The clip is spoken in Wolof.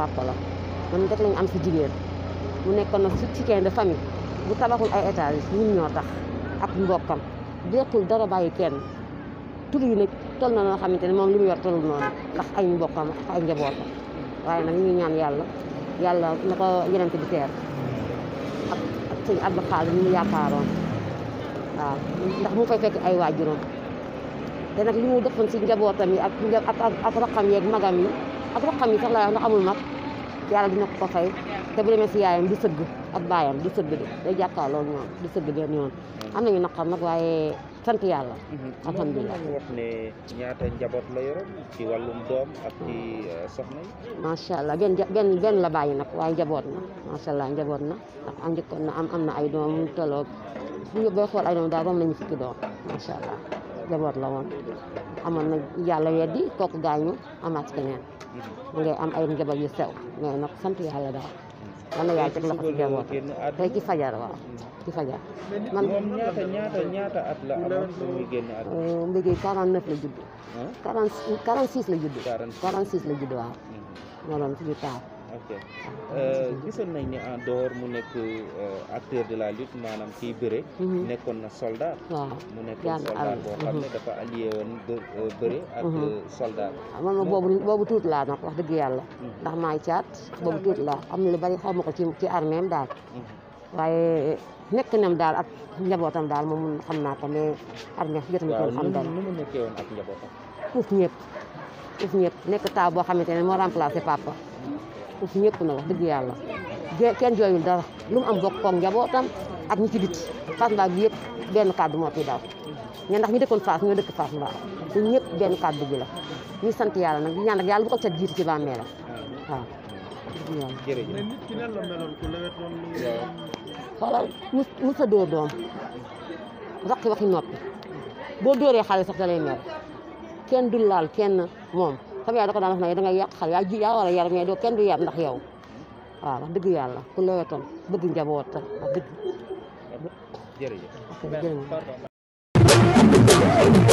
papa la man rek lañ am si jigéen mu nekkoon nag soutien de famille bu tabaxul ay étages ñun ñoo tax ak mbokkam dekkul dara bàyyi kenn tur yi nag toll na noo xamante ne moom li mu yor tollu noonu ndax ay mbokkam ak ay njabootam waaye nag ñu yàlla yàlla na ko yeneen bi teer ndax mu fay fekk ay waajuram te nag li mu defoon si njabootam yi magam yi ak raqam yi sax laa wax ndax amul mag yàlla dina ko ko fay te bu yaayam di sëgg ak baayam di sëgg di day jàkkaarloo ñoom di sëgg benn yoon am nañu naqar nag waaye sant yàlla alhamdulilah wax ne njaboot la yoroon ci wàllum doom ak ci euh, soxna yi macha allah benn benn benn la bàyyi nag waaye njaboot na macha njaboot na ndax am na ay doom tolloog suñu booy xool ay doom daal ba mu nañu fukki doom macha allah jaboot la woon amoon na yàlla weddi kooku gaañu amaat keneen mu mhm. ngay am ay njaboot yu sew mais nag sant yàlla daal man na yaay teg loxo ci jaboot tey ci fajar waaw mhm. ci fajar man ñaata ñaata ñaata at la amoon muy génn at mbéy 49 la judd 46 la judd 46 la judd waaw mhm. moo doon suñu taar gisan euh, gisoon nañ ne en dehors mu nekk euh, acteur de la lutte maanaam kii bëre. Mhm. nekkoon na soldat. mu nekkoon soldat ne mhm. dafa allié woon euh, bëre ak mhm. soldat. Ah, man boobu boobu laa nag wax dëgg yàlla. ndax maay caat boobu tuuti laa am na lu bari xaw ma ko ci ci arméem daal. waaye eh, nekk nam daal ak njabootam daal moom xam naa ko mais armée jotuma ko nekkee woon ak njabootam. uuf ñëpp uuf ñëpp nekk taaw boo xamante ne moo remplacé papa. suuf ñëpp na wax dëgg yàlla kenn jooyul dara lu am bokk koog njabootam ak ñi ci biti Fass Mbao bi yëpp benn kàddu moo fi daw ñe ndax ñu dëkkoon Fass ñoo dëkk Fass Mbao te ñëpp benn kàddu gi la ñu sant yàlla nag ñaan ak yàlla bu ko cat jiitu ci bàmmeelam waaw la meloon mu sa dóor doom raqi waxi noppi boo dóoree xale sax da lay kenn du laal kenn moom comme yaay da ko daan wax nag da ngay yàq xel yaa ji yaa war a yar mais doo kenn du yar ndax yow waaw wax dëgg yàlla ku lewetoon bëgg njaboot tam